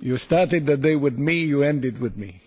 You started the day with me, you ended with me.